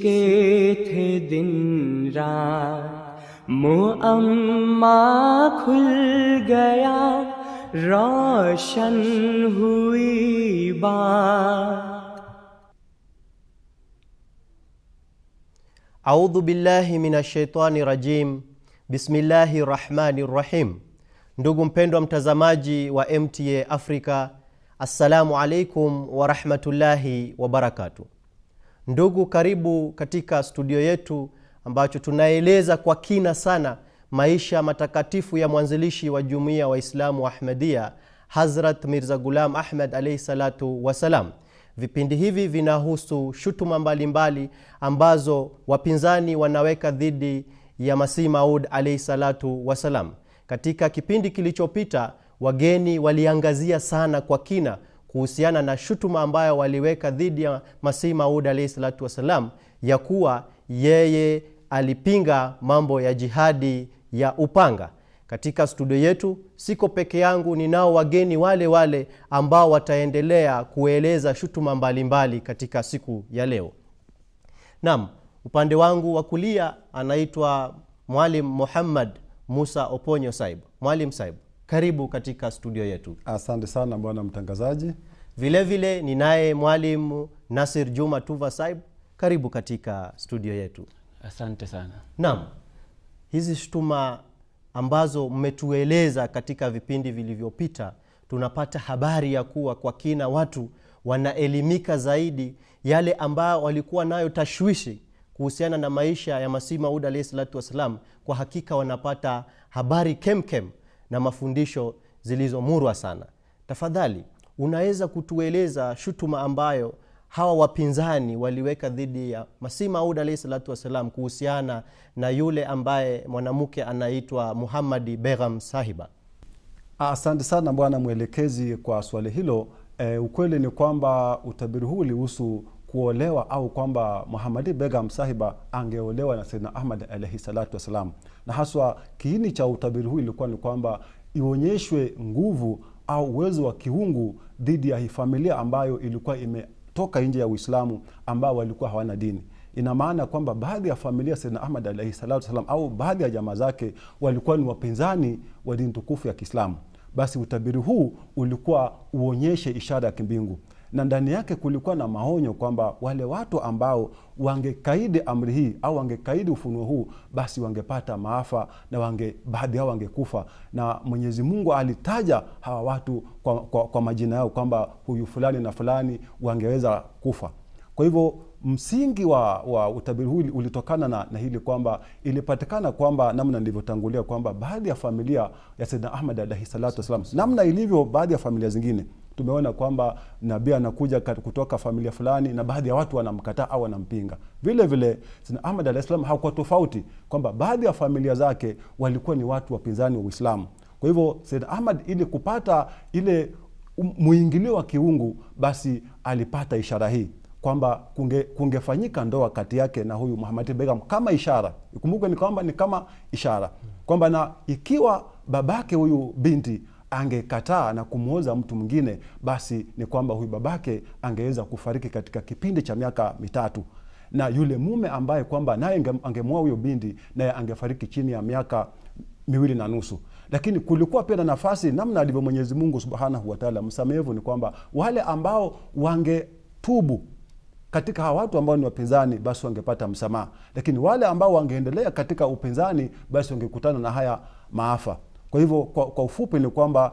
کے تھے دن थे दिन کھل گیا روشن ہوئی रोशन اعوذ باللہ من الشیطان الرجیم rajim. Bismillahi rahmani الرحیم Ndugu mpendwa mtazamaji wa MTA Africa Assalamu alaikum warahmatullahi wabarakatu. Ndugu, karibu katika studio yetu ambacho tunaeleza kwa kina sana maisha matakatifu ya mwanzilishi wa jumuiya Waislamu wa Ahmadia, Hazrat Mirza Gulam Ahmed alaihi salatu wassalam. Vipindi hivi vinahusu shutuma mbalimbali mbali ambazo wapinzani wanaweka dhidi ya Masihi Maud alaihi salatu wassalam. Katika kipindi kilichopita wageni waliangazia sana kwa kina kuhusiana na shutuma ambayo waliweka dhidi ya Masihi Maud alaihi salatu wassalam ya kuwa yeye alipinga mambo ya jihadi ya upanga. Katika studio yetu siko peke yangu, ninao wageni wale wale ambao wataendelea kueleza shutuma mbalimbali mbali katika siku ya leo. nam upande wangu wa kulia anaitwa Mwalim Muhammad Musa Oponyo Saib. Mwalim saibu karibu katika studio yetu. Asante sana bwana mtangazaji. Vilevile ninaye mwalimu Nasir Juma Tuva Saib, karibu katika studio yetu. Asante sana. Naam, hizi shutuma ambazo mmetueleza katika vipindi vilivyopita, tunapata habari ya kuwa kwa kina watu wanaelimika zaidi yale ambayo walikuwa nayo tashwishi kuhusiana na maisha ya Masihi Maud alahi salatu wassalam, kwa hakika wanapata habari kemkem kem na mafundisho zilizomurwa sana. Tafadhali, unaweza kutueleza shutuma ambayo hawa wapinzani waliweka dhidi ya Masihi Maud alahi salatu wassalam kuhusiana na yule ambaye mwanamke anaitwa Muhammadi begham Sahiba? Asante sana bwana mwelekezi kwa swali hilo. E, ukweli ni kwamba utabiri huu ulihusu kuolewa au kwamba muhamadi begham Sahiba angeolewa na Saidina Ahmad alaihi salatu wassalam na haswa kiini cha utabiri huu ilikuwa ni kwamba ionyeshwe nguvu au uwezo wa kiungu dhidi ya familia ambayo ilikuwa imetoka nje ya Uislamu ambao walikuwa hawana dini. Ina maana kwamba baadhi ya familia sedna Ahmad alaihi salatu wasalam au baadhi ya jamaa zake walikuwa ni wapinzani wa dini tukufu ya Kiislamu. Basi utabiri huu ulikuwa uonyeshe ishara ya kimbingu na ndani yake kulikuwa na maonyo kwamba wale watu ambao wangekaidi amri hii au wangekaidi ufunuo huu, basi wangepata maafa na wange, baadhi yao wangekufa. Na Mwenyezi Mungu alitaja hawa watu kwa, kwa, kwa majina yao kwamba huyu fulani na fulani wangeweza kufa. Kwa hivyo msingi wa, wa utabiri huu ulitokana na, na hili kwamba ilipatikana kwamba namna nilivyotangulia kwamba baadhi ya familia ya saidna Ahmad alaihi salatu wassalam, namna ilivyo baadhi ya familia zingine tumeona kwamba nabii anakuja kutoka familia fulani na baadhi ya watu wanamkataa au wanampinga. Vile vile Ahmad alah salam hakuwa tofauti, kwamba baadhi ya familia zake walikuwa ni watu wapinzani wa Uislamu. Kwa hivyo Said Ahmad ili kupata ile muingilio wa kiungu, basi alipata ishara hii kwamba kunge, kungefanyika ndoa kati yake na huyu muhamad begam kama ishara. Ikumbuke ni kwamba ni kama ishara kwamba na ikiwa babake huyu binti angekataa na kumwoza mtu mwingine, basi ni kwamba huyu babake angeweza kufariki katika kipindi cha miaka mitatu na yule mume ambaye kwamba naye angemwoa huyo binti naye angefariki chini ya miaka miwili na nusu. Lakini kulikuwa pia na nafasi, namna alivyo Mwenyezi Mungu Subhanahu wataala msamehevu, ni kwamba wale ambao wangetubu katika hawa watu ambao ni wapinzani basi wangepata msamaha, lakini wale ambao wangeendelea katika upinzani basi wangekutana na haya maafa. Kwa hivyo kwa, kwa ufupi ni kwamba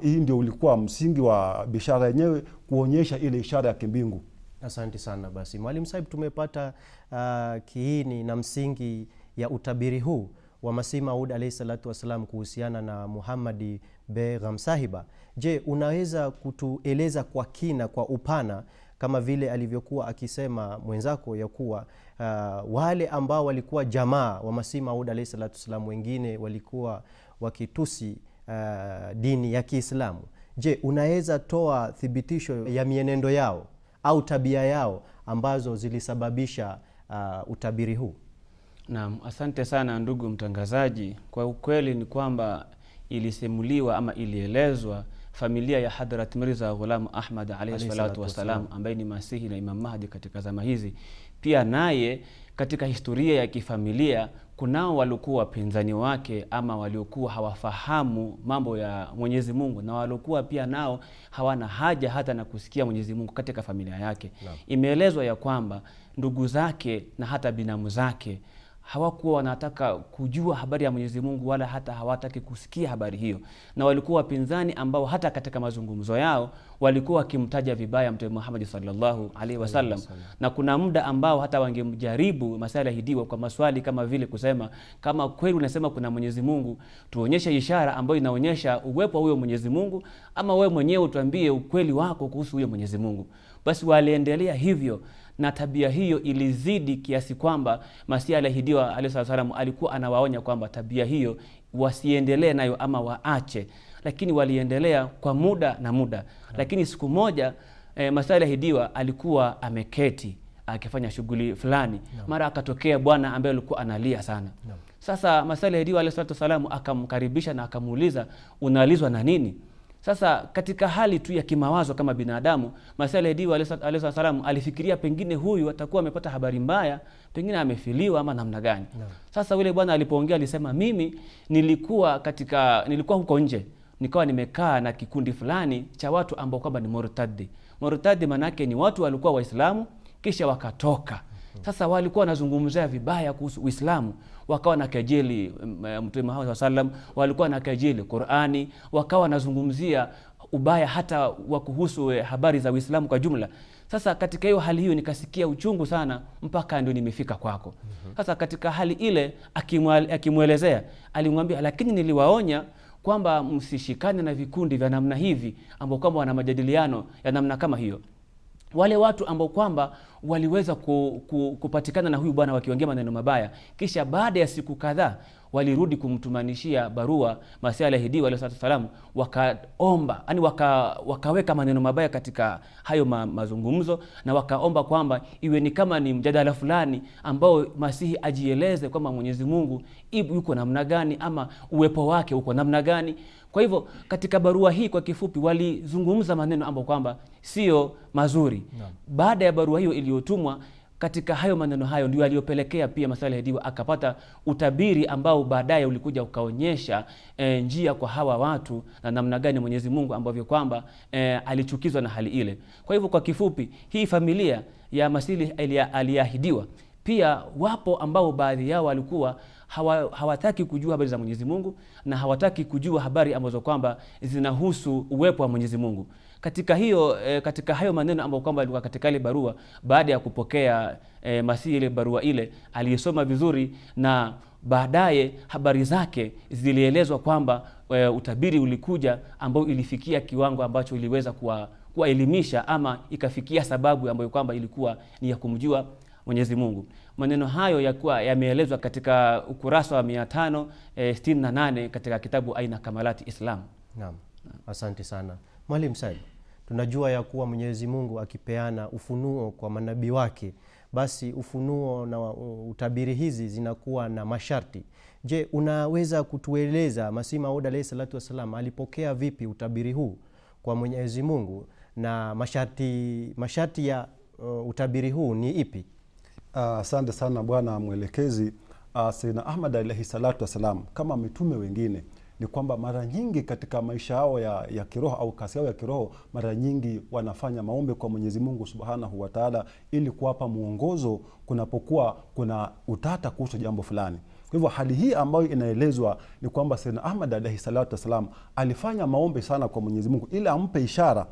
hii ndio ulikuwa msingi wa bishara yenyewe kuonyesha ile ishara ya kimbingu. Asante sana. Basi Mwalimu Saib, tumepata uh, kiini na msingi ya utabiri huu wa Masih Maud alaihi salatu wassalam kuhusiana na Muhammadi be ghamsahiba Je, unaweza kutueleza kwa kina, kwa upana kama vile alivyokuwa akisema mwenzako ya kuwa uh, wale ambao walikuwa jamaa wa Masih Maud salatu wassalam, wengine walikuwa wakitusi uh, dini ya Kiislamu. Je, unaweza toa thibitisho ya mienendo yao au tabia yao ambazo zilisababisha uh, utabiri huu? Naam, asante sana ndugu mtangazaji. Kwa ukweli ni kwamba ilisimuliwa ama ilielezwa familia ya Hadrat Mirza Ghulam Ahmad alayhi salatu wassalam, ambaye ni Masihi na Imam Mahdi katika zama hizi, pia naye katika historia ya kifamilia kunao waliokuwa wapinzani wake ama waliokuwa hawafahamu mambo ya Mwenyezi Mungu na waliokuwa pia nao hawana haja hata na kusikia Mwenyezi Mungu katika familia yake. Imeelezwa ya kwamba ndugu zake na hata binamu zake hawakuwa wanataka kujua habari ya Mwenyezi Mungu wala hata hawataki kusikia habari hiyo, na walikuwa wapinzani ambao hata katika mazungumzo yao walikuwa wakimtaja vibaya Mtume Muhammad sallallahu alaihi wasallam, na kuna muda ambao hata wangemjaribu masala hidiwa kwa maswali kama vile kusema, kama kweli unasema kuna Mwenyezi Mungu, tuonyeshe ishara ambayo inaonyesha uwepo wa huyo Mwenyezi Mungu, ama wewe mwenyewe utuambie ukweli wako kuhusu huyo Mwenyezi Mungu. Basi waliendelea hivyo na tabia hiyo ilizidi kiasi kwamba Masihi aliyeahidiwa alayhi salamu alikuwa anawaonya kwamba tabia hiyo wasiendelee nayo ama waache lakini waliendelea kwa muda na muda. Lakini siku moja e, eh, Masari Ahidiwa alikuwa ameketi akifanya shughuli fulani no. Mara akatokea bwana ambaye alikuwa analia sana no. Sasa Masari Ahidiwa alayhi salatu wasalam akamkaribisha na akamuuliza unaalizwa na nini? Sasa katika hali tu ya kimawazo kama binadamu, Masih Ahidiwa alayhi salaam alifikiria pengine huyu atakuwa amepata habari mbaya, pengine amefiliwa ama namna gani no. Sasa yule bwana alipoongea alisema, mimi nilikuwa katika nilikuwa huko nje nikawa nimekaa na kikundi fulani cha watu ambao kwamba ni murtadi. Murtadi manake ni watu walikuwa Waislamu kisha wakatoka. Sasa walikuwa wanazungumzia vibaya kuhusu Uislamu, wakawa na kejeli Mtume Muhammad SAW, walikuwa na kejeli Qurani, wakawa wanazungumzia ubaya hata wa kuhusu eh, habari za Uislamu kwa jumla. Sasa katika hiyo hali hiyo nikasikia uchungu sana, mpaka ndio nimefika kwako. Mhm. Sasa katika hali ile akimwelezea, alimwambia lakini niliwaonya kwamba msishikane na vikundi vya namna hivi ambao kwamba wana majadiliano ya namna kama hiyo. Wale watu ambao kwamba waliweza ku, ku, kupatikana na huyu bwana wakiongea maneno mabaya, kisha baada ya siku kadhaa walirudi kumtumanishia barua masihi alaihi wasalam, wakaomba yani waka, wakaweka maneno mabaya katika hayo ma, mazungumzo na wakaomba kwamba iwe ni kama ni mjadala fulani ambao Masihi ajieleze kwamba Mwenyezi Mungu yuko namna gani ama uwepo wake uko namna gani. Kwa hivyo katika barua hii kwa kifupi, walizungumza maneno ambayo kwamba sio mazuri no. Baada ya barua hiyo iliyotumwa katika hayo maneno hayo ndio aliyopelekea pia Masawe Lehediwa akapata utabiri ambao baadaye ulikuja ukaonyesha e, njia kwa hawa watu na namna gani Mwenyezi Mungu ambavyo kwamba e, alichukizwa na hali ile. Kwa hivyo kwa kifupi, hii familia ya masili aliyeahidiwa pia wapo ambao baadhi yao walikuwa hawa, hawataki kujua habari za Mwenyezi Mungu na hawataki kujua habari ambazo kwamba zinahusu uwepo wa Mwenyezi Mungu katika hiyo e, katika hayo maneno ambayo kwamba alikuwa katika ile barua, baada ya kupokea e, Masihi ile barua ile aliyesoma vizuri, na baadaye habari zake zilielezwa kwamba e, utabiri ulikuja ambao ilifikia kiwango ambacho iliweza kuwa kuwaelimisha ama ikafikia sababu ambayo kwamba ilikuwa ni ya kumjua Mwenyezi Mungu. Maneno hayo yakuwa yameelezwa katika ukurasa wa 568 e, katika kitabu Aina Kamalati Islam. Naam. Asante sana Mwalimu Said tunajua ya kuwa mwenyezi mungu akipeana ufunuo kwa manabii wake basi ufunuo na utabiri hizi zinakuwa na masharti je unaweza kutueleza masih maud alahi salatu wassalam alipokea vipi utabiri huu kwa mwenyezi mungu na masharti masharti ya uh, utabiri huu ni ipi asante uh, sana bwana mwelekezi uh, ah, sina ahmad alaihi salatu wassalam kama mitume wengine ni kwamba mara nyingi katika maisha yao ya, ya kiroho au kasi yao ya kiroho, mara nyingi wanafanya maombi kwa Mwenyezi Mungu Subhanahu wa Ta'ala, ili kuwapa mwongozo kunapokuwa kuna utata kuhusu jambo fulani. Kwa hivyo hali hii ambayo inaelezwa ni kwamba Sayyidna Ahmad alaihi salatu wassalam alifanya maombi sana kwa Mwenyezi Mungu ili ampe ishara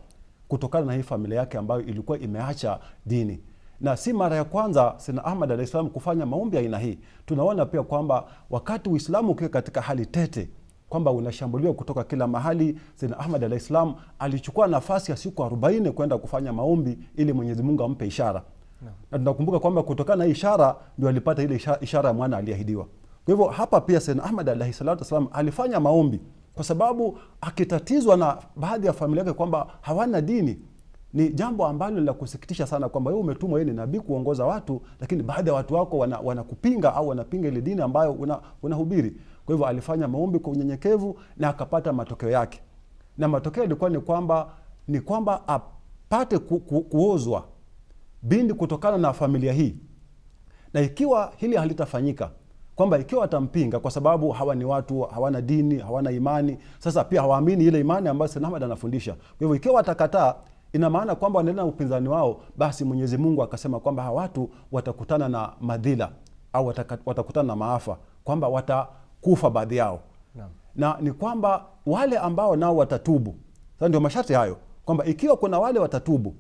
kutokana na hii familia yake ambayo ilikuwa imeacha dini na si mara ya kwanza Sayyidna Ahmad alahi salam kufanya maombi aina hii. Tunaona pia kwamba wakati Uislamu ukiwa katika hali tete kwamba unashambuliwa kutoka kila mahali. sina Ahmad alaihis salam alichukua nafasi ya siku 40 kwenda kufanya maombi ili Mwenyezi Mungu ampe ishara no. na tunakumbuka kwamba kutokana na ishara ndio alipata ile ishara ya mwana aliyeahidiwa Kwa hivyo hapa pia Sayyidna Ahmad alaihi salatu wassalam alifanya maombi kwa sababu akitatizwa na baadhi ya familia yake kwamba hawana dini. Ni jambo ambalo la kusikitisha sana kwamba wewe umetumwa, ni nabii kuongoza watu, lakini baadhi ya watu wako wanakupinga wana au wanapinga ile dini ambayo unahubiri una kwa hivyo alifanya maombi kwa unyenyekevu na akapata matokeo yake, na matokeo yalikuwa ni kwamba ni kwamba apate ku, ku, kuozwa bindi kutokana na familia hii, na ikiwa hili halitafanyika kwamba ikiwa atampinga kwa sababu hawa ni watu hawana dini, hawana imani, sasa pia hawaamini ile imani ambayo Sayyidna Ahmad anafundisha. Kwa hivyo ikiwa atakataa, ina maana kwamba wanaenda na upinzani wao, basi Mwenyezi Mungu akasema kwamba hawa watu watakutana na madhila au watakutana na maafa kwamba wata kufa baadhi yao na, na ni kwamba wale ambao nao watatubu sasa, ndio masharti hayo kwamba ikiwa kuna wale watatubu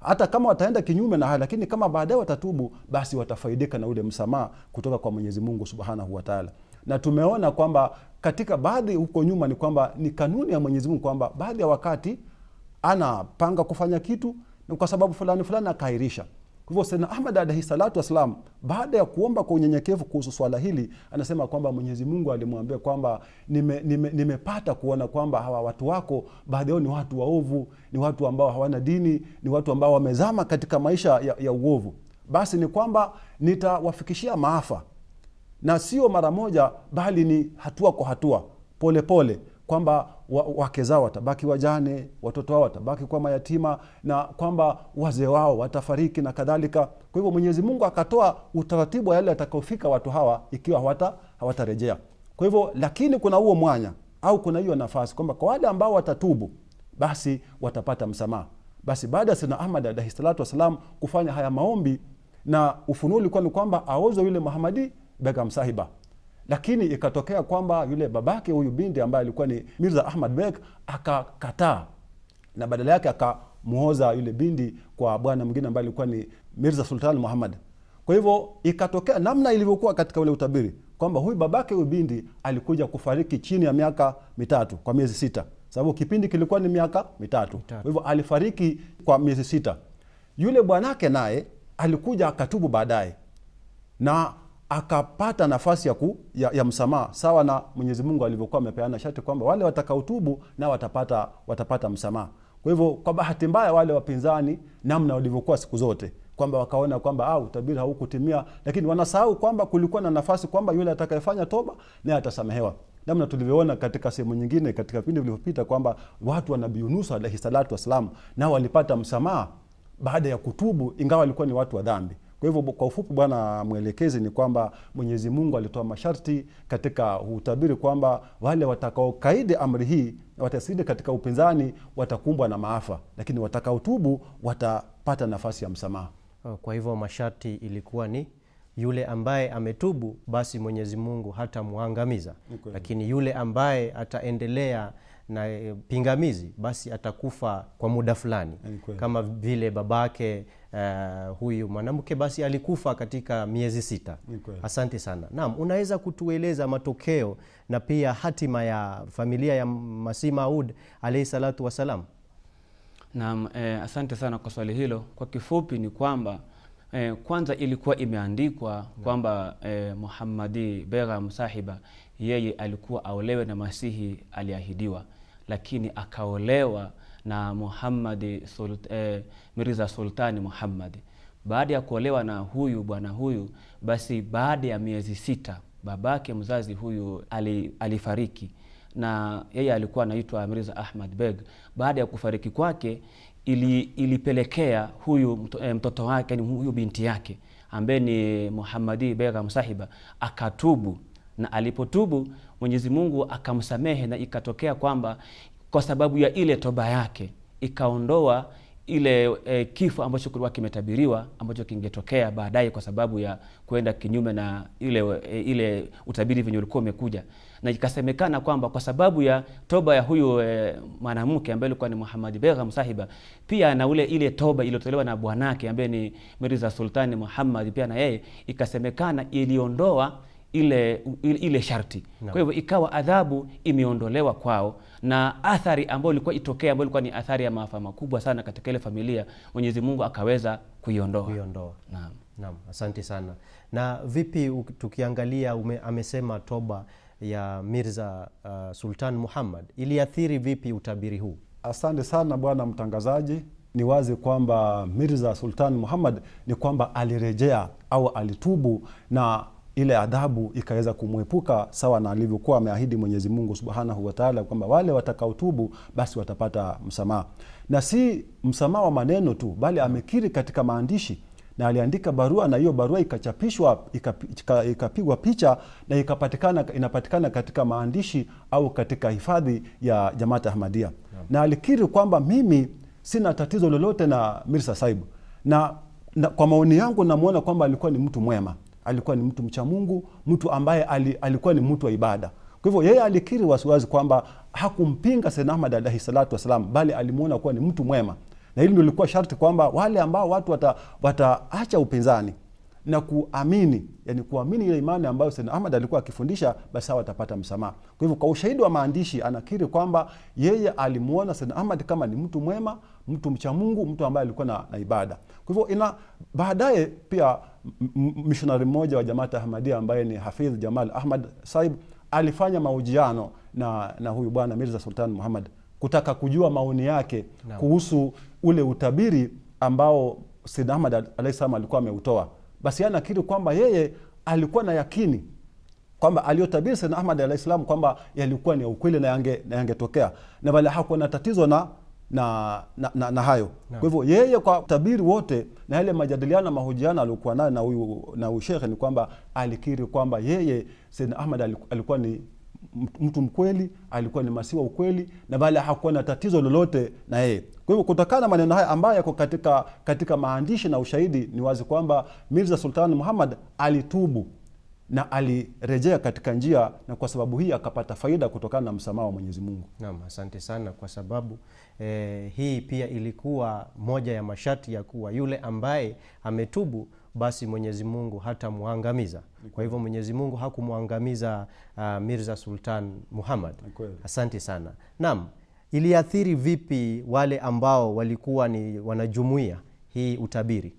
hata kama wataenda kinyume na hayo, lakini kama baadaye watatubu, basi watafaidika na ule msamaha kutoka kwa Mwenyezi Mungu Subhanahu wa Ta'ala. Na tumeona kwamba katika baadhi huko nyuma ni kwamba ni kanuni ya Mwenyezi Mungu kwamba baadhi ya wakati anapanga kufanya kitu na kwa sababu fulani fulani akaairisha kwa hivyo Saidna Ahmad alaihi salatu wassalam, baada ya kuomba kwa unyenyekevu kuhusu swala hili, anasema kwamba Mwenyezi Mungu alimwambia kwamba nimepata nime, nime kuona kwamba hawa watu wako baadhi yao ni watu waovu, ni watu ambao hawana dini, ni watu ambao wamezama katika maisha ya, ya uovu. Basi ni kwamba nitawafikishia maafa, na sio mara moja, bali ni hatua kwa hatua, polepole pole, kwamba wake zao watabaki wajane, watoto wao watabaki kwa mayatima, na kwamba wazee wao watafariki na kadhalika. Kwa hivyo Mwenyezi Mungu akatoa utaratibu wa yale atakaofika watu hawa ikiwa hawata hawatarejea. Kwa hivyo, lakini kuna huo mwanya au kuna hiyo nafasi kwamba kwa wale ambao watatubu basi watapata msamaha. Basi baada ya sina Ahmad alaihi salatu wassalam kufanya haya maombi na ufunuo ulikuwa ni kwamba aozwe yule Muhamadi Begam Sahiba lakini ikatokea kwamba yule babake huyu binti ambaye alikuwa ni Mirza Ahmad Bek akakataa na badala yake akamwoza yule bindi kwa bwana mwingine ambaye alikuwa ni Mirza Sultan Muhammad. Kwa hivyo ikatokea namna ilivyokuwa katika ule utabiri kwamba huyu babake huyu bindi alikuja kufariki chini ya miaka mitatu kwa miezi sita, sababu kipindi kilikuwa ni miaka mitatu. Kwa hivyo alifariki kwa miezi sita. Yule bwanake naye alikuja akatubu baadaye na akapata nafasi ya, ku, ya, ya msamaha sawa na Mwenyezi Mungu alivyokuwa amepeana shati kwamba wale watakaotubu na watapata, watapata msamaha. Kwa hivyo kwa bahati mbaya wale wapinzani namna walivyokuwa siku zote kwamba wakaona kwamba ah, utabiri haukutimia, lakini wanasahau kwamba kulikuwa na nafasi kwamba yule atakayefanya toba naye atasamehewa, namna tulivyoona katika sehemu nyingine katika vipindi vilivyopita kwamba watu wa Nabii Yunus alaihi salatu wassalam nao walipata msamaha baada ya kutubu, ingawa walikuwa ni watu wa dhambi. Kwa hivyo kwa ufupi, bwana mwelekezi, ni kwamba Mwenyezi Mungu alitoa masharti katika utabiri kwamba wale watakaokaidi amri hii watasidi katika upinzani watakumbwa na maafa, lakini watakaotubu watapata nafasi ya msamaha. Oh, kwa hivyo masharti ilikuwa ni yule ambaye ametubu basi Mwenyezi Mungu hatamwangamiza, lakini yule ambaye ataendelea na eh, pingamizi basi atakufa kwa muda fulani, kama vile babake uh, huyu mwanamke basi alikufa katika miezi sita. Asante sana. Naam, unaweza kutueleza matokeo na pia hatima ya familia ya masihi Maud alayhi salatu wasalam? Naam, eh, asante sana kwa swali hilo. Kwa kifupi ni kwamba eh, kwanza ilikuwa imeandikwa kwamba eh, Muhammadi Begam Sahiba yeye alikuwa aolewe na Masihi aliahidiwa, lakini akaolewa na Muhammad Sult, eh, Mirza Sultani Muhammad. Baada ya kuolewa na huyu bwana huyu, basi baada ya miezi sita babake mzazi huyu alifariki, na yeye alikuwa anaitwa Mirza Ahmad Beg. Baada ya kufariki kwake ili, ilipelekea huyu eh, mtoto wake, ni huyu binti yake ambaye ni Muhammadi Begam Sahiba akatubu na alipotubu Mwenyezi Mungu akamsamehe, na ikatokea kwamba kwa sababu ya ile toba yake ikaondoa ile e, kifo ambacho kulikuwa kimetabiriwa ambacho kingetokea baadaye kwa sababu ya kwenda kinyume na ile, e, ile utabiri venye ulikuwa umekuja, na ikasemekana kwamba kwa sababu ya toba ya huyu e, eh, mwanamke ambaye alikuwa ni Muhammad Begum Sahiba, pia na ule ile toba iliyotolewa na bwanake ambaye ni Mirza Sultani Muhammad, pia na yeye ikasemekana iliondoa ile, ile sharti no. Kwa hivyo ikawa adhabu imeondolewa kwao, na athari ambayo ilikuwa itokea, ambayo ilikuwa ni athari ya maafa makubwa sana katika ile familia, Mwenyezi Mungu akaweza kuiondoa, kuiondoa. Naam. Naam, asante sana. Na vipi tukiangalia ume, amesema toba ya Mirza uh, Sultan Muhammad iliathiri vipi utabiri huu? Asante sana bwana mtangazaji. Ni wazi kwamba Mirza Sultan Muhammad ni kwamba alirejea au alitubu na ile adhabu ikaweza kumwepuka sawa na alivyokuwa ameahidi Mwenyezi Mungu Subhanahu wa Ta'ala, kwamba wale watakaotubu basi watapata msamaha, na si msamaha wa maneno tu, bali amekiri katika maandishi na aliandika barua na hiyo barua ikachapishwa ikapigwa picha na ikapatikana, inapatikana katika maandishi au katika hifadhi ya Jamaat Ahmadiyya yeah. Na alikiri kwamba mimi sina tatizo lolote na Mirza Sahibu na, na kwa maoni yangu namwona kwamba alikuwa ni mtu mwema alikuwa ni mtu mcha Mungu, mtu ambaye alikuwa ni mtu wa ibada. Kwa hivyo yeye alikiri wasiwazi kwamba hakumpinga Sayyidna Ahmad alaihi salatu wassalam, bali alimwona kuwa ni mtu mwema, na hili ndio lilikuwa sharti kwamba wale ambao watu wataacha wata upinzani na kuamini, yani kuamini ile imani ambayo Sayyidna Ahmad alikuwa akifundisha, basi hawa watapata msamaha. Kwa hivyo kwa ushahidi wa maandishi anakiri kwamba yeye alimwona Sayyidna Ahmad kama ni mtu mwema, mtu mcha Mungu, mtu ambaye alikuwa na, na ibada. Kwa hivyo ina baadaye pia mishonari mmoja wa jamaata Ahmadia ambaye ni Hafidh Jamal Ahmad Saib alifanya mahojiano na, na huyu bwana Mirza Sultan Muhammad kutaka kujua maoni yake no. kuhusu ule utabiri ambao Sayyid Ahmad alayhi salam alikuwa ameutoa. Basi yeye anakiri kwamba yeye alikuwa na yakini kwamba aliyotabiri Sayyid Ahmad alayhi salam kwamba yalikuwa ni ya ukweli na yangetokea na, yange na bali hakuwa na tatizo na na, na, na, na hayo no. Kwa hivyo yeye kwa tabiri wote na yale majadiliano mahojiano aliokuwa nayo na huyu na huyu shekhe ni kwamba alikiri kwamba yeye Sayyidna Ahmad alikuwa ni mtu mkweli, alikuwa ni masiwa ukweli na bali hakuwa na tatizo lolote na yeye. Kwa hivyo kutokana na maneno haya ambayo yako katika, katika maandishi na ushahidi, ni wazi kwamba Mirza Sultan Muhammad alitubu na alirejea katika njia, na kwa sababu hii akapata faida kutokana na msamaha wa Mwenyezi Mungu. Naam, asante sana kwa sababu eh, hii pia ilikuwa moja ya masharti ya kuwa yule ambaye ametubu basi Mwenyezi Mungu hatamwangamiza. Kwa hivyo Mwenyezi Mungu hakumwangamiza uh, Mirza Sultan Muhammad. Asante sana. Naam, iliathiri vipi wale ambao walikuwa ni wanajumuia hii utabiri?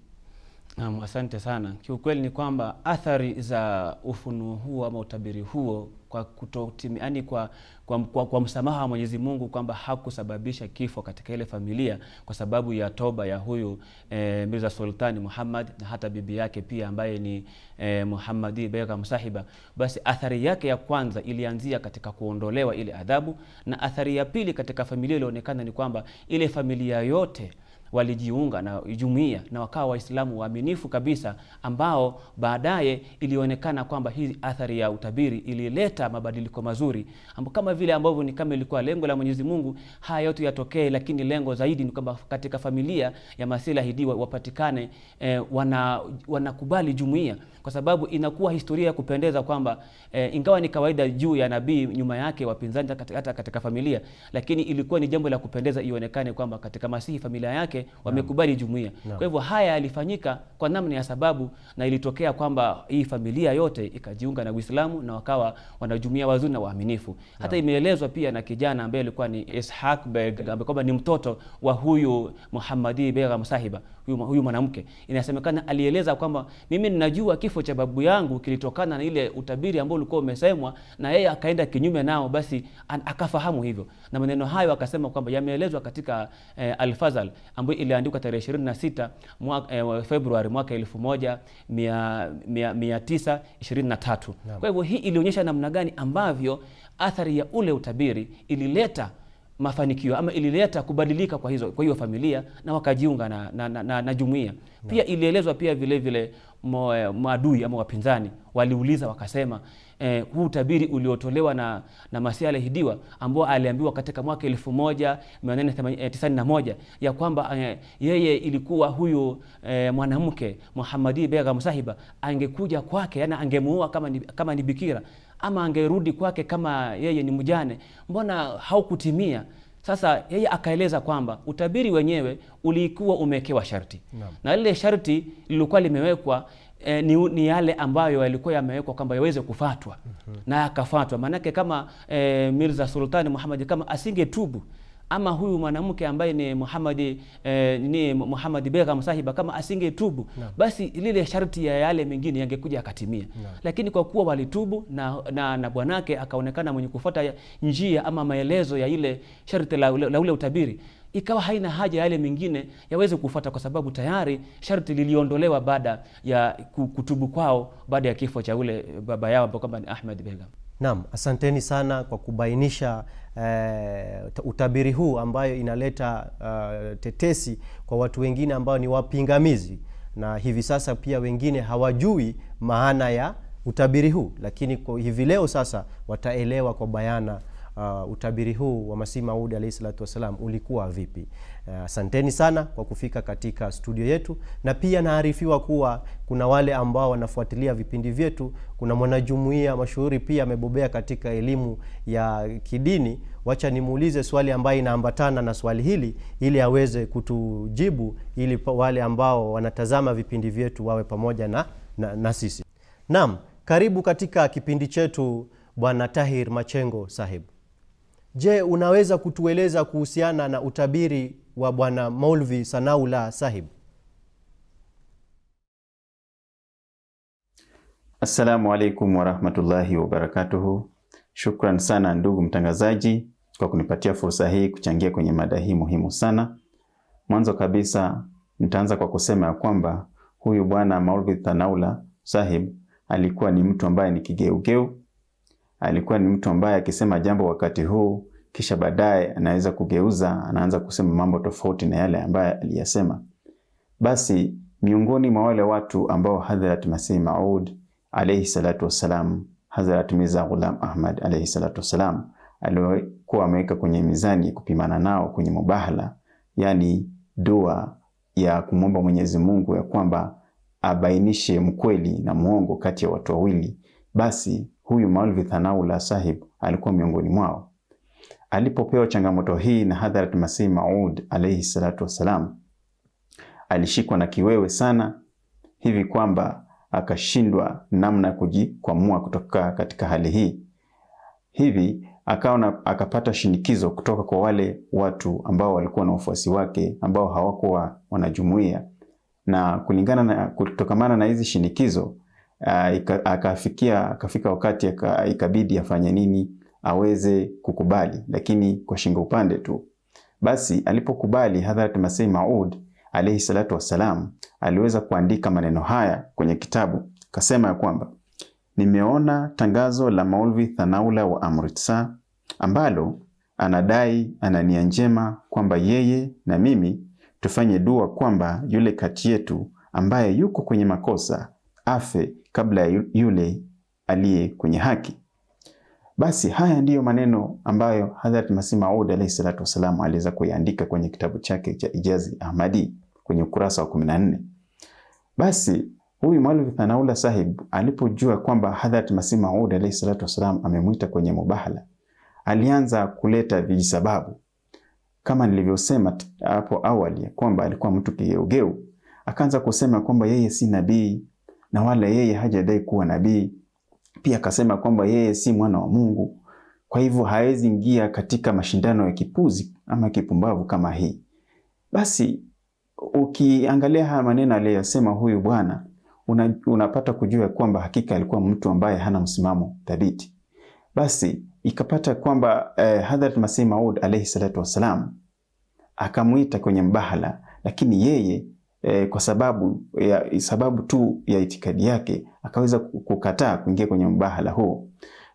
Naam, asante sana. Kiukweli ni kwamba athari za ufunuo huo ama utabiri huo kwa kutotimi, yani kwa, kwa, kwa, kwa msamaha wa Mwenyezi Mungu kwamba hakusababisha kifo katika ile familia kwa sababu ya toba ya huyu e, Mirza Sultani Muhammad na hata bibi yake pia ambaye ni e, Muhammadi Begum Sahiba. Basi athari yake ya kwanza ilianzia katika kuondolewa ile adhabu, na athari ya pili katika familia ilionekana ni kwamba ile familia yote walijiunga na jumuiya na wakawa Waislamu waaminifu kabisa, ambao baadaye ilionekana kwamba hii athari ya utabiri ilileta mabadiliko mazuri, ambao, kama vile ambavyo ni kama ilikuwa lengo la Mwenyezi Mungu haya yote yatokee, lakini lengo zaidi ni kwamba katika familia ya masilahidiwa wapatikane e, wana wanakubali jumuiya, kwa sababu inakuwa historia ya kupendeza kwamba e, ingawa ni kawaida juu ya nabii nyuma yake wapinzani hata katika familia, lakini ilikuwa ni jambo la kupendeza ionekane kwamba katika Masihi familia yake yake wamekubali jumuiya. Kwa hivyo haya yalifanyika kwa namna ya sababu, na ilitokea kwamba hii familia yote ikajiunga na Uislamu na wakawa wanajumuia wazuri na waaminifu. Hata imeelezwa pia na kijana ambaye alikuwa ni Ishaq Beg ambaye kwamba ni mtoto wa huyu Muhammadi Begum Sahiba huyu, mwanamke inasemekana alieleza kwamba mimi ninajua kifo cha babu yangu kilitokana na ile utabiri ambao ulikuwa umesemwa na yeye akaenda kinyume nao, basi an, akafahamu hivyo, na maneno hayo akasema kwamba yameelezwa katika eh, Alfazal ambayo iliandikwa tarehe 26 mwa, eh, Februari mwaka 1923. Kwa hivyo hii ilionyesha namna gani ambavyo athari ya ule utabiri ilileta mafanikio ama ilileta kubadilika kwa hizo kwa hiyo familia na wakajiunga na, na, na, na, na jumuiya pia ilielezwa pia vile vile eh, maadui ama wapinzani waliuliza wakasema eh, huu utabiri uliotolewa na, na Masia aliahidiwa ambao aliambiwa katika mwaka 1891 eh, ya kwamba eh, yeye ilikuwa huyu eh, mwanamke Muhamadi Begam Sahiba angekuja kwake, yani angemuua kama ni, kama ni bikira ama angerudi kwake kama yeye ni mjane, mbona haukutimia? Sasa yeye akaeleza kwamba utabiri wenyewe ulikuwa umewekewa sharti na lile sharti lilikuwa limewekwa E, ni, ni yale ambayo yalikuwa yamewekwa kwamba yaweze kufatwa mm -hmm. na yakafatwa, maanake kama e, Mirza Sultani Muhammad kama asingetubu ama huyu mwanamke ambaye ni Muhammad eh, ni Muhammad Begum Sahiba kama asingetubu no. basi lile sharti ya yale mengine yangekuja akatimia no. Lakini kwa kuwa walitubu na, na, na bwanake akaonekana mwenye kufuata njia ama maelezo ya ile sharti la, la, la ule utabiri ikawa haina haja yale mengine yaweze kufuata kwa sababu tayari sharti liliondolewa baada ya kutubu kwao baada ya kifo cha ule baba yao ambao kwamba ni Ahmed Begum. Naam, asanteni sana kwa kubainisha eh, utabiri huu ambayo inaleta uh, tetesi kwa watu wengine ambao ni wapingamizi, na hivi sasa pia wengine hawajui maana ya utabiri huu, lakini kwa hivi leo sasa wataelewa kwa bayana uh, utabiri huu wa Masihi Maud alayhi salatu wasalam ulikuwa vipi? Uh, asanteni uh, sana kwa kufika katika studio yetu, na pia naarifiwa kuwa kuna wale ambao wanafuatilia vipindi vyetu. Kuna mwanajumuiya mashuhuri pia amebobea katika elimu ya kidini. Wacha nimuulize swali ambayo inaambatana na swali hili ili aweze kutujibu, ili wale ambao wanatazama vipindi vyetu wawe pamoja na, na, na sisi. Naam, karibu katika kipindi chetu Bwana Tahir Machengo sahibu je unaweza kutueleza kuhusiana na utabiri wa bwana maulvi sanaula sahib assalamu alaikum warahmatullahi wabarakatuhu shukran sana ndugu mtangazaji kwa kunipatia fursa hii kuchangia kwenye mada hii muhimu sana mwanzo kabisa nitaanza kwa kusema ya kwamba huyu bwana maulvi thanaula sahib alikuwa ni mtu ambaye ni kigeugeu alikuwa ni mtu ambaye akisema jambo wakati huu kisha baadaye anaweza kugeuza, anaanza kusema mambo tofauti na yale ambaye aliyasema. Basi miongoni mwa wale watu ambao Hadhrat Masih Maud alayhi salatu wassalam, Hadhrat Mirza Ghulam Ahmad alayhi salatu wassalam alikuwa ameweka kwenye mizani kupimana nao kwenye mubahala, yani dua ya kumwomba Mwenyezi Mungu ya kwamba abainishe mkweli na mwongo kati ya watu wawili, basi Huyu Maulvi Thanaullah Sahib alikuwa miongoni mwao. Alipopewa changamoto hii na Hadhrat Masih Maud alayhi salatu wassalam, alishikwa na kiwewe sana hivi kwamba akashindwa namna ya kujikwamua kutoka katika hali hii. Hivi akaona akapata shinikizo kutoka kwa wale watu ambao walikuwa na wafuasi wake ambao hawakuwa wanajumuia, na kulingana na kutokamana na hizi shinikizo Ah, akafikia akafika wakati ikabidi afanye nini, aweze kukubali, lakini kwa shingo upande tu. Basi alipokubali Hadhrat Masih Maud alayhi salatu wassalam aliweza kuandika maneno haya kwenye kitabu, kasema ya kwamba nimeona tangazo la Maulvi Thanaula wa Amritsar ambalo anadai ana nia njema kwamba yeye na mimi tufanye dua kwamba yule kati yetu ambaye yuko kwenye makosa afe kabla ya yule aliye kwenye haki. Basi haya ndiyo maneno ambayo Hadhrat Masih Maud alayhi salatu wasalam aliweza kuyaandika kwenye kitabu chake cha Ijazi Ahmadi kwenye ukurasa wa 14. Basi huyu Maulvi Thanaula Sahib alipojua kwamba Hadhrat Masih Maud alayhi salatu wasalam amemwita kwenye mubahala, alianza kuleta vijisababu kama nilivyosema hapo awali kwamba alikuwa mtu kigeugeu. Akaanza kusema kwamba yeye si nabii na wala yeye hajadai kuwa nabii. Pia akasema kwamba yeye si mwana wa Mungu, kwa hivyo hawezi ingia katika mashindano ya kipuzi ama kipumbavu kama hii. Basi ukiangalia haya maneno aliyosema huyu bwana una, unapata kujua kwamba hakika alikuwa mtu ambaye hana msimamo thabiti. Basi ikapata kwamba eh, Hadhrat Masih Maud alayhi salatu wasalam akamwita kwenye mbahala, lakini yeye e, kwa sababu ya, sababu tu ya itikadi yake akaweza kukataa kuingia kwenye mbahala huo.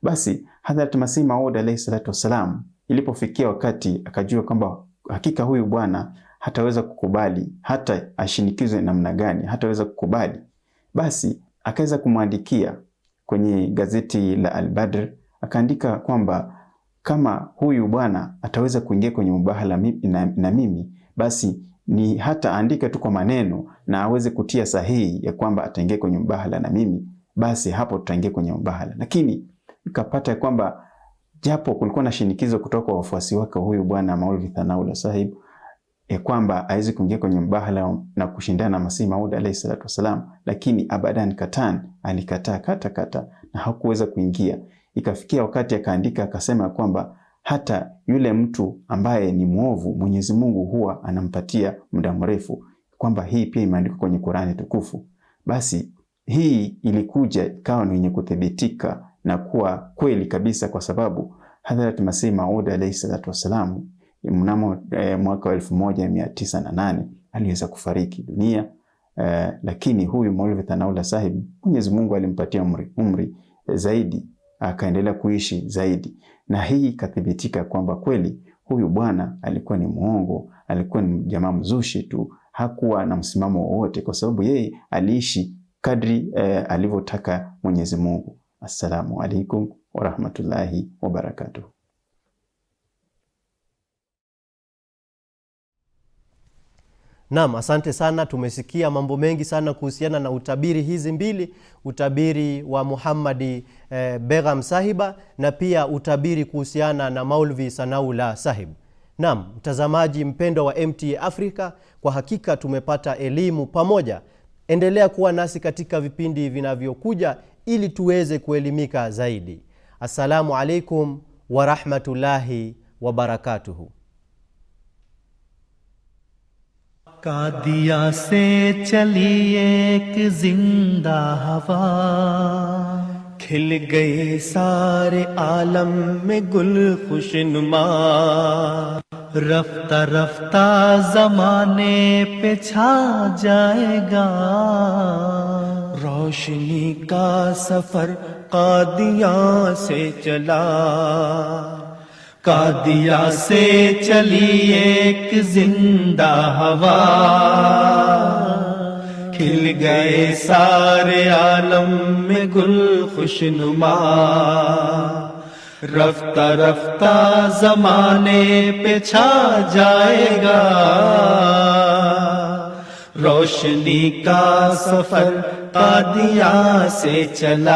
Basi Hadhrat Masih Maud alayhi salatu wassalam ilipofikia wakati akajua kwamba hakika huyu bwana hataweza kukubali hata ashinikizwe namna gani, hataweza kukubali. Basi akaweza kumwandikia kwenye gazeti la Al-Badr, akaandika kwamba kama huyu bwana ataweza kuingia kwenye mubahala na mimi basi ni hata andika tu kwa maneno na aweze kutia sahihi ya kwamba ataingia kwenye mbahala na mimi, basi hapo tutaingia kwenye mbahala. Lakini nikapata kwamba japo kulikuwa na shinikizo kutoka kwa wafuasi wake huyu bwana Maulvi Thanaula Sahib ya kwamba aweze kuingia kwenye mbahala na kushindana na Masihi Maud alayhi salatu wasalam, lakini abadan katan, alikataa kata kata na hakuweza kuingia. Ikafikia wakati akaandika akasema kwamba hata yule mtu ambaye ni mwovu Mwenyezi Mungu huwa anampatia muda mrefu, kwamba hii pia imeandikwa kwenye Qur'ani tukufu. Basi hii ilikuja ikawa ni yenye kuthibitika na kuwa kweli kabisa, kwa sababu Hadhrat Masih Maud alayhi salatu wassalam mnamo eh, mwaka wa elfu moja mia tisa na nane aliweza kufariki dunia eh, lakini huyu Maulvi Thanaullah Sahib Mwenyezi Mungu alimpatia umri, umri eh, zaidi akaendelea kuishi zaidi, na hii ikathibitika kwamba kweli huyu bwana alikuwa ni mwongo alikuwa ni jamaa mzushi tu, hakuwa na msimamo wowote, kwa sababu yeye aliishi kadri eh, alivyotaka Mwenyezi Mungu. Assalamu alaikum warahmatullahi wabarakatuh. Naam, asante sana. Tumesikia mambo mengi sana kuhusiana na utabiri hizi mbili, utabiri wa Muhammadi eh, begham Sahiba na pia utabiri kuhusiana na Maulvi Sanaula Sahib. Naam, mtazamaji mpendwa wa mt Africa, kwa hakika tumepata elimu pamoja. Endelea kuwa nasi katika vipindi vinavyokuja ili tuweze kuelimika zaidi. Assalamu alaikum warahmatullahi wabarakatuhu. کادیا سے چلی ایک زندہ ہوا کھل گئے سارے عالم میں گل خوش نما رفتہ رفتہ زمانے پہ چھا جائے گا روشنی کا سفر قادیاں سے چلا کادیا سے چلی ایک زندہ ہوا کھل گئے سارے عالم میں گل خوشنما رفتہ رفتہ زمانے پہ چھا جائے گا روشنی کا سفر کا سے چلا